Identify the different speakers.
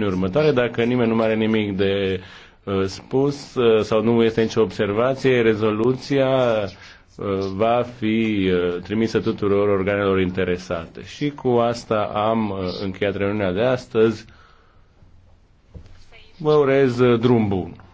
Speaker 1: săptămânii următoare. Dacă nimeni nu mai are nimic de uh, spus uh, sau nu este nicio observație, rezoluția uh, va fi trimisă tuturor organelor interesate. Și cu asta am încheiat reuniunea de astăzi. Vă urez drum bun!